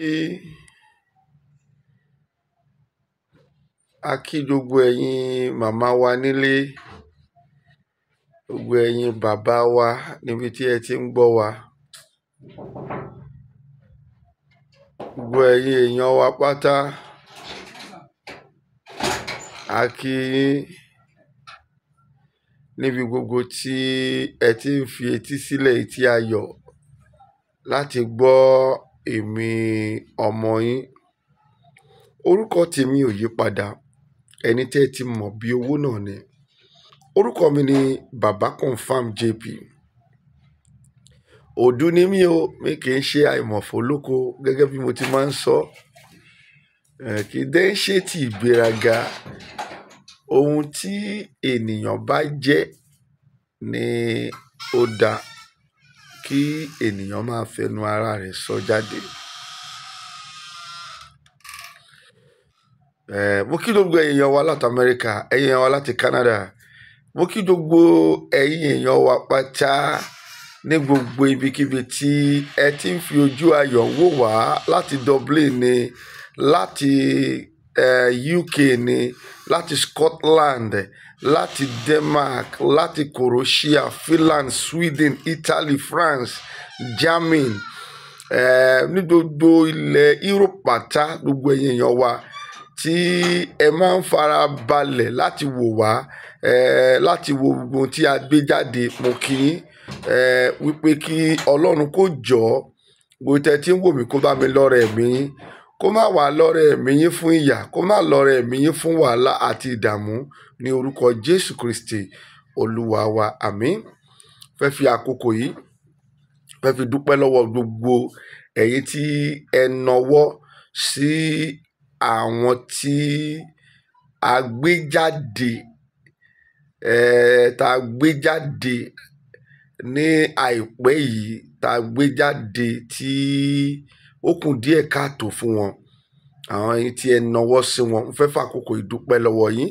ṣe a kí gbogbo ẹ̀yin màmá wa nílé gbogbo ẹ̀yin bàbá wa níbi tí ẹ ti ń gbọ́ wa gbogbo ẹ̀yin èèyàn wa pátá a kí yín níbi gbogbo tí ẹ ti ń fi etí sílẹ̀ etí ayọ̀ láti gbọ́ èmi ọmọ yín orúkọ tèmi ò yí padà ẹni tẹ́ ẹ ti mọ̀ bí owó náà ni orúkọ mi ni baba confam jp òdú ni mí o mi kì í ṣe àìmọ̀fó lóko gẹ́gẹ́ bí mo ti máa ń sọ kì í dẹ́ ṣe ti ìgbéraga ohun tí ènìyàn bá jẹ́ ni ó dáa kí ènìyàn máa fẹnu ara rẹ̀ sọ jáde. mo kí gbogbo ẹ̀yin èèyàn wa láti Amẹ́ríkà, ẹ̀yin wa láti Canada, mo kí gbogbo ẹ̀yin èèyàn wa pátá ní gbogbo ibikíbi tí ẹ ti ń fi ojú ayọ̀ wò wá láti Dublin ni, láti UK ni, láti Scotland. Eh, láti denmark láti croatia finland sweden italy france germany eh, ní gbogbo ilẹ̀ europe pátá gbogbo ẹ̀yin èèyàn wa tí ẹ máa ń fara balẹ̀ láti wò wá eh, láti wo gbogbo tí a gbé jáde mo kí eh, wípé kí ọlọ́run kó jọ gbogbo tẹ́ ń wò mí kó bá mi lọ́rẹ̀ mi kó má wàá lọ́rẹ̀ ẹ̀mí yín fún ìyà kó má lọ́rẹ̀ ẹ̀mí yín fún wàhálà àti ìdààmú ní orúkọ jésù kristi olúwa wa àmín fẹ́ fi àkókò yìí fẹ́ fi dúpẹ́ lọ́wọ́ gbogbo ẹ̀yin tí ẹ nọwọ́ sí àwọn tí a gbé jáde tá a gbé jáde ní àìpẹ́ yìí tá gbé jáde tí. Tí ó kù díẹ̀ káàtó fún wọn àwọn yìí tí ẹ nawọ́ sí wọn ń fẹ́ fàkókò ìdúpẹ́ lọ́wọ́ yín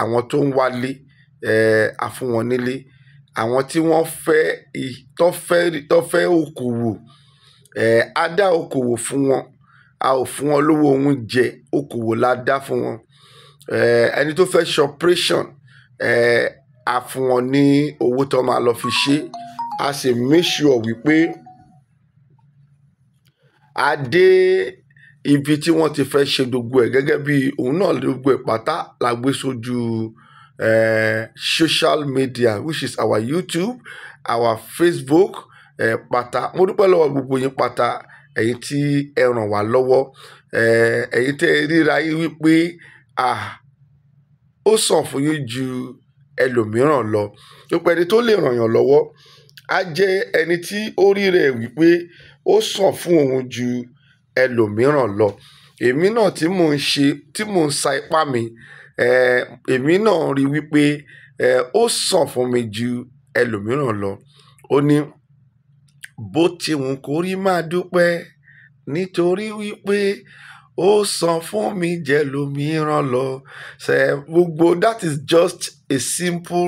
àwọn tó ń wálé àfún wọn nílé àwọn tí wọ́n fẹ́ tọ́fẹ́ okòwò á dá okòwò fún wọn a ò fún wọn lówó oúnjẹ okòwò la dá fún wọn ẹni tó fẹ́ ṣe operation a fún wọn ní owó tó máa lọ fi ṣe a sì make sure wípé a dé ibi tí wọ́n ti fẹ́ ṣe gbogbo ẹ̀ gẹ́gẹ́ bí òun náà gbogbo ẹ̀ pátá la gbé sójú social media which is our YouTube our Facebook eh, pátá mo dúpẹ́ lọ́wọ́ gbogbo yín pátá ẹ̀yin tí ẹ ràn wá lọ́wọ́ ẹ̀yin tẹ́ ríra yín wípé ó sàn fún yín ju ẹlòmíràn lọ wípé ẹni tó lè ràn yàn lọ́wọ́ á jẹ́ ẹni tí ó rí rẹ̀ wípé ó sàn fún òun ju ẹlòmíràn lọ èmi náà tí mò ń ṣe tí mò ń sa ipá mi èmi náà rí wípé ó sàn fún mi ju ẹlòmíràn lọ ó ní bó ti wù kó rí máa dúpẹ́ nítorí wípé ó sàn fún mi jẹlòmíràn lọ gbogbo that is just a simple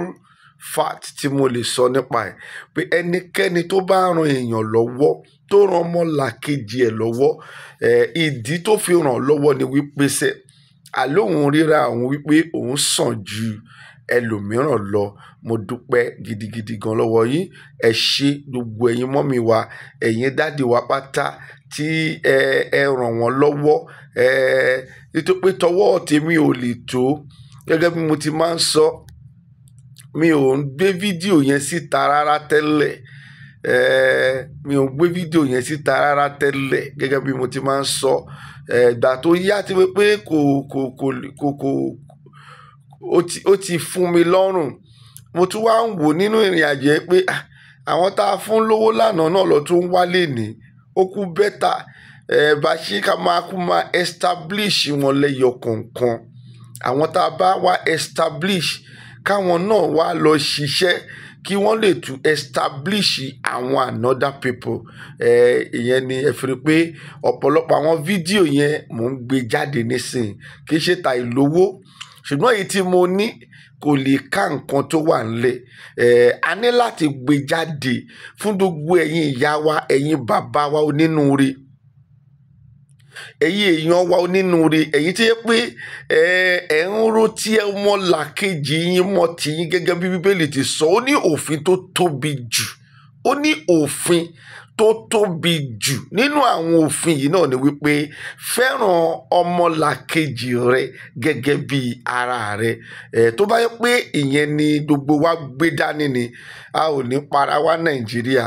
fact tí mo lè sọ nípa ẹ̀ pé ẹnikẹ́ni tó bá ran èèyàn lọ́wọ́ tó ran ọmọlàkejì ẹ̀ lọ́wọ́ ìdí tó fi ràn lọ́wọ́ ni wípé ṣe àlóhùn ríra òun wípé òun sàn ju ẹlòmíràn lọ mo dúpẹ́ gidigidi gan lọ́wọ́ yín ẹ ṣe gbogbo ẹ̀yin mọ́mì wa ẹ̀yin dáàdì wa pátá tí ẹ ẹ ràn wọ́n lọ́wọ́ ẹ nítorí pé tọwọ́ tèmi ò lè tó gẹ́gẹ́ bí mo ti máa ń sọ mi ò ń gbé fídíò yẹn síta rárá tẹ́lẹ̀ mi ò ń gbé fídíò yẹn síta rárá tẹ́lẹ̀ gẹ́gẹ́ bí mo ti máa ń sọ ìgbà tó yá ti wí pé kò kò kò kò kò ó ti fún mi lọ́rùn mo tún wá ń wò nínú ìrìn àjò yẹn pé ah, àwọn tá a fún lówó lánàá náà lọ tún wálé ní ó kú bẹ́tà bá ṣe ká máa kú máa establish wọn lẹ́yọ kọ̀ọ̀kan àwọn tá a bá wá establish káwọn náà wá lọ ṣiṣẹ́ kí wọ́n lè tún establish àwọn another people ìyẹn eh, ni ẹ fi rí pé ọ̀pọ̀lọpọ̀ àwọn fídíò yẹn mò ń gbé jáde nísìn kì í ṣe ta ìlówó ṣùgbọ́n èyí tí mo ní kò lè ká nǹkan tó wà ńlẹ̀ a ní láti gbé jáde fún gbogbo ẹ̀yin ìyá wa ẹ̀yin bàbá wa onínúure ẹ̀yin èèyàn wa onínúure ẹ̀yin tí yẹ pé ẹ̀ ń ró tí ẹ mọ́ làkejì yín mọ́ tìyín gẹ́gẹ́ bí bíbélì ti sọ ó ní òfin tó tóbi jù ó ní òfin tó tóbi jù nínú àwọn òfin yìí náà ni wípé fẹ́ràn ọmọlàkejì rẹ gẹ́gẹ́ bí ara rẹ ẹ̀ tó bá yẹ pé ìyẹn ni gbogbo wa gbé dání ni a ò ní para wa Nàìjíríà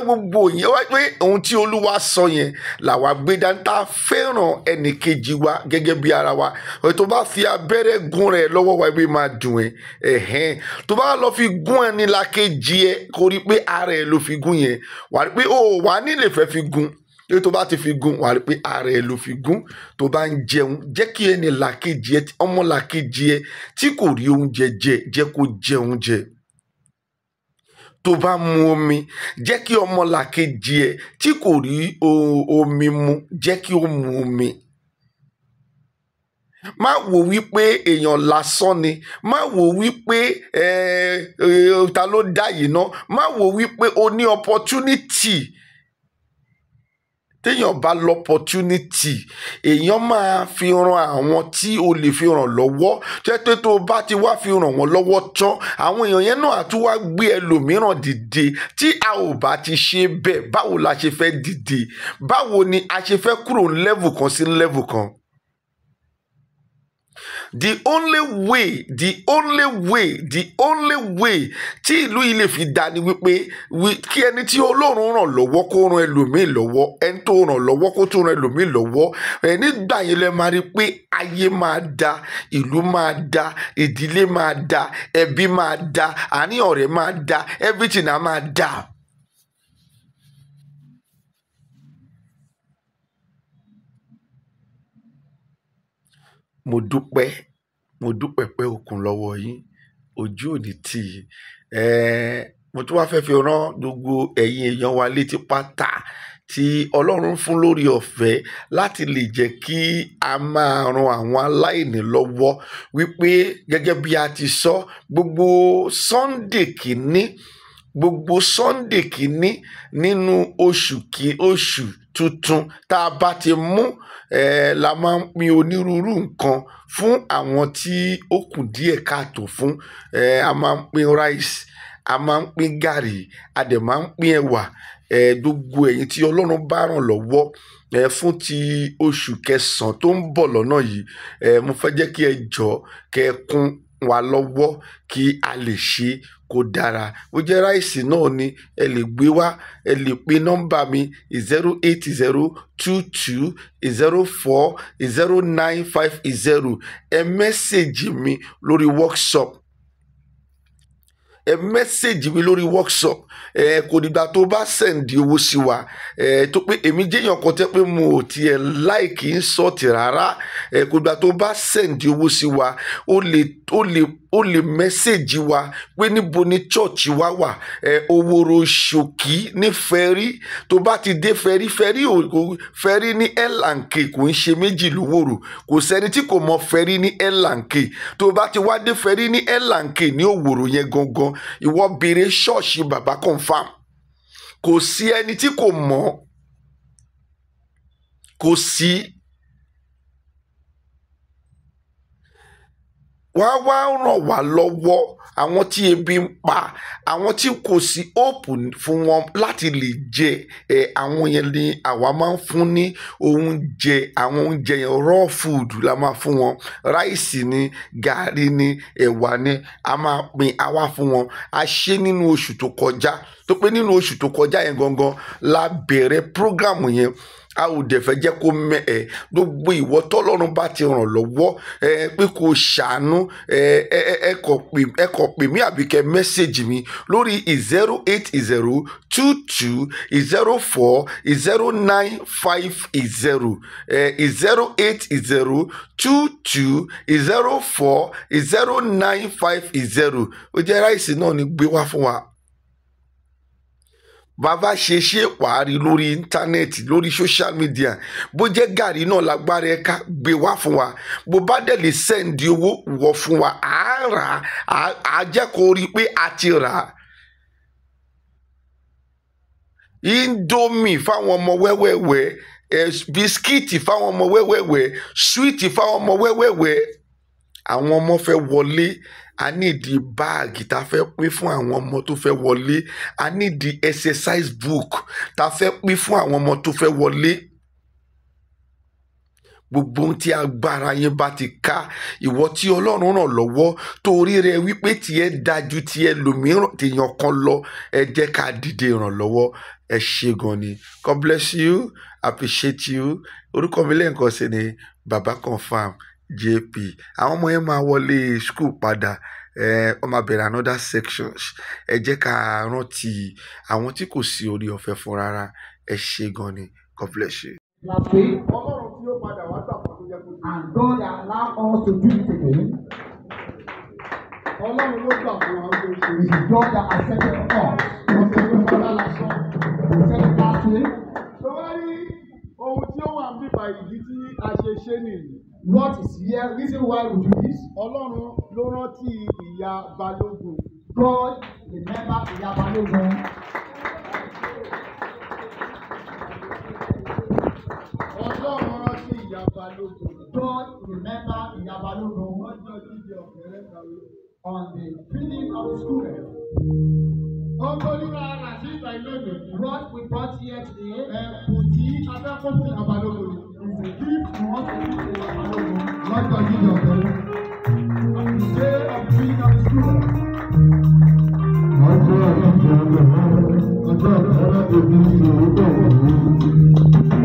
pé gbogbo yẹn wá pé ohun tí olúwa sọ yẹn làwa gbé dáńtà fẹ́ràn ẹnìkejì wa gẹ́gẹ́ bí ara wa tó bá fi abẹ́rẹ́ gún rẹ̀ lọ́wọ́ wa ibi máa dùn ẹ̀ ẹ̀hẹ́n tó bá lọ fi gún ẹni làkejì ẹ kó rí pé ara ẹ ló fi gún yẹn wà rí pé ó wà nílé fẹ́ fi gún ní tó bá ti fi gún wàá rí pé ara ẹ ló fi gún tó bá ń jẹun jẹ́ kí ẹni làkejì ẹ ọmọ làkejì ẹ tí kò rí oúnjẹ jẹ jẹ́ kó jẹ oúnjẹ tó bá mu omi jẹ́ kí ọmọlàkejì ẹ̀ tí kò rí omi mu jẹ́ kí ó mu omi má wò wípé èèyàn lásán ni má wò wípé ta ló dá yìí ná má wò wípé o ní opportunity téèyàn bá lọ́pọ̀tunity èèyàn máa fi ran àwọn tí o lè fi ràn lọ́wọ́ jẹ́ pé tó o bá ti wá fi ràn wọ́n lọ́wọ́ tán àwọn èèyàn yẹn náà àtún wá gbé ẹlòmíràn dìde tí a ò bá ti ṣe bẹ́ẹ̀ báwo la ṣe fẹ́ dìde báwo ni a ṣe fẹ́ kúrò level kan sí level kan the only way the only way the only way tí ìlú yìí lè fi dá ni wípé kí ẹni tí Ọlọ́run ràn lọ́wọ́ kó ràn ẹlòmíì lọ́wọ́ ẹni tó ràn lọ́wọ́ kó tó ràn ẹlòmíì lọ́wọ́ ẹni gbà yẹn lẹ máa rí i pé ayé máa da ìlú máa da ìdílé máa da ẹbí máa da àní ọ̀rẹ́ máa da everything á máa da. mo dúpẹ́, mo dúpẹ́ pé okùn lọ́wọ́ yín, ojú ò tì yín. mo tún wá fẹ́ fi rán gbogbo ẹ̀yin èèyàn wa létí pátá tí Ọlọ́run fún lórí ọ̀fẹ́ láti lè jẹ́ kí a máa ran àwọn aláìní lọ́wọ́ wípé gẹ́gẹ́ bí a ti sọ, gbogbo Sunday kìíní gbogbo sunday kìíní nínú oṣù kí oṣù tuntun tá a bá ti mú ẹ la máa ń pín onírúurú nǹkan fún àwọn tí ó kù díẹ̀ káàtó fún ẹ a máa ń pín rice a máa ń pín gàrí a dẹ̀ máa ń pín ẹ̀wà ẹ gbogbo ẹ̀yin tí ọlọ́run bá ràn lọ́wọ́ ẹ fún ti oṣù kẹsàn-án tó ń bọ̀ lọ́nà yìí ẹ mo fẹ́ jẹ́ kí ẹ jọ kẹ kún wa lọ́wọ́ kí a lè ṣe kó dára bó jẹ́ ráìsì náà ni ẹ lè gbé wá ẹ lè pe nọ́mbà mi zero eight zero two two zero four zero nine five zero ẹ mẹ́sẹ̀gì mi lórí workshop ẹ mẹ́sẹ̀gì mi lórí workshop ẹ kò dìgbà tó bá sẹ̀ǹdì owó sí wa ẹ tó pé èmi jẹ́yàn kan tẹ́ pé mo ò tiẹ̀ láìkì ń sọ̀tì rárá ẹ kò dìgbà tó bá sẹ̀ǹdì owó sí wa ó lè ó lè o lè mẹ́sẹ̀gì wa pé níbo ni church wa wà ẹ owóró ṣòkí ní fẹ́rí tó bá ti dé fẹ́rí fẹ́rí ò fẹ́rí ní ẹ̀lànkè kò ń ṣe méjì lówòrò kò sẹ́ni tí kò mọ fẹ́rí ní ẹ̀lànkè tó bá ti wá dé fẹ́rí ní ẹ̀lànkè ní òwòrò yẹn gangan ìwọ béèrè ṣọ́ọ̀ṣì bàbá confam kò sí ẹni tí kò mọ̀ kò sí wá wá ràn wá lọ́wọ́ àwọn tí ebi ń pa àwọn tí kò sí òpù fún wọn láti lè jẹ ẹ àwọn yẹn ni àwa máa ń fún ní oúnjẹ àwọn oúnjẹ yẹn raw food la máa fún wọn ráìsì ni gàrí ni ẹ̀wà ni a máa pín àwa fún wọn a ṣe nínú oṣù tó kọjá tó pé nínú oṣù tó kọjá yẹn gangan la bẹ̀rẹ̀ prógrámù yẹn a ò dẹ̀ fẹ́ jẹ́ kó mẹ́ ẹ gbogbo ìwọ tọ́lọ́run bá ti ràn lọ́wọ́ ẹ pé kó ṣàánú ẹ ẹ kọ̀ pè mí àbí kẹ́ mẹ́sẹ̀gì mi lórí zero eight zero two two zero four zero nine five zero ẹ zero eight zero two two zero four zero nine five zero ó jẹ́ ráìsì náà ni gbé wá fún wa bàbá ṣe ṣe wàárí lórí íńtánẹ́ẹ̀tì lórí social media bó jẹ́ gàrí náà lágbára ẹ̀ka gbé wá fún wa bó bá dẹ̀ lè sẹ́ǹdì owó wọ̀ fún wa à á rà á á jẹ́ kó rí i pé a ti rà á. indomie fáwọn ọmọ wẹ́wẹ́wẹ́ bisikíìtì fáwọn ọmọ wẹ́wẹ́wẹ́ súwìtì fáwọn ọmọ wẹ́wẹ́wẹ́ àwọn ọmọ fẹ́ wọlé a nídìí báàgì tá a fẹ́ pín fún àwọn ọmọ tó fẹ́ wọlé a the exercise book tá a fẹ́ pín fún àwọn ọmọ tó fẹ́ wọlé gbogbo ohun tí agbára yẹn bá ti ká ìwọ tí ọlọ́run ràn lọ́wọ́ torí rẹ wípé tiẹ̀ dájú tiẹ̀ lòmíràn tèèyàn kan lọ ẹ jẹ́ ká dìde ìrànlọ́wọ́ ẹ ṣe gan ni God bless you appreciate you orúkọ mi lẹ́ǹkan sí ni baba confam jp àwọn ọmọ yẹn máa wọlé school padà wọ́n máa bẹ̀rẹ̀ another sections ẹ jẹ́ ká rántí àwọn tí kò sí orí ọ̀fẹ́ fún rárá ẹ ṣe gan ni god bless you. làpé ọlọ́run tí ó padà wá gbà fún ọdún jẹ́ and God allow us to do it again. ọlọ́run ló gbà fún wa ó ṣe. it is God that accepted us. wọ́n ti fún ọlá lásán. kò sẹ́ni bá ṣe. sọ wá rí ohun tí ó wà ń bíbá ìdí tí a ṣe ṣe nìyí. what the reason why we do this. Ọlọ́run ló rántí ìyá Balógun. God remember ìyá Balógun. Ọlọ́run rántí ìyá Balógun. God remember ìyá Balógun. Wọ́n jọ jíjẹ ọ̀kẹ́rẹ́ kàwé. On the feeding of school. Ọgọ́lúwa Rasheed Àìlóde. What we brought here today. Ẹ eh, kò tí abẹ́kọ̀sí àbálòpọ̀ ni. If you a Balogun, like I did your and the day of being at school. Ọjọ́ àti ìjọba ọjọ́ àti ìjọba ìbí ìṣòro bọ̀ wọ̀ ní.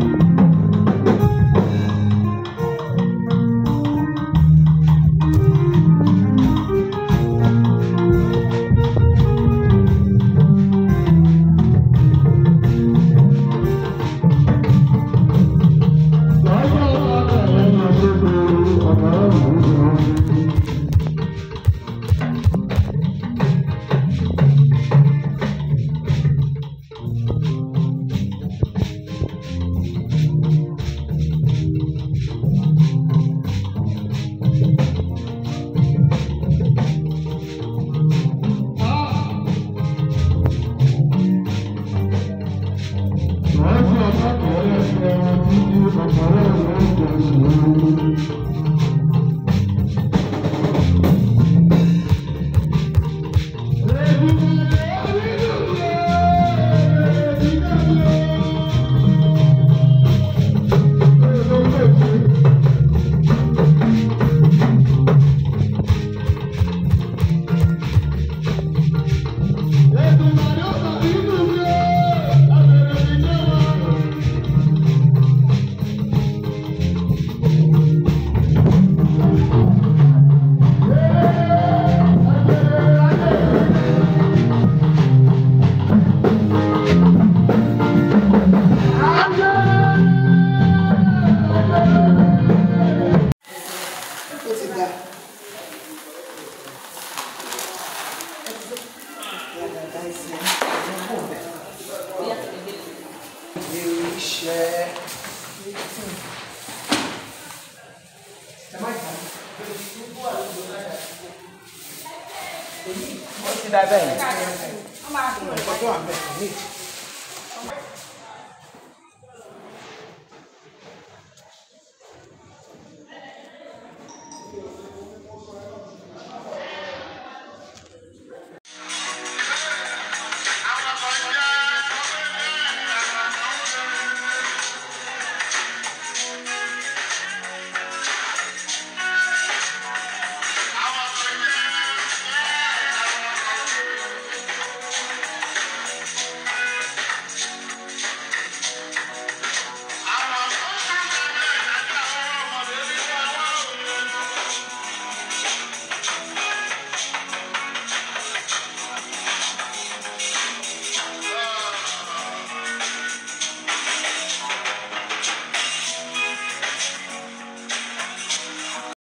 锻炼身体。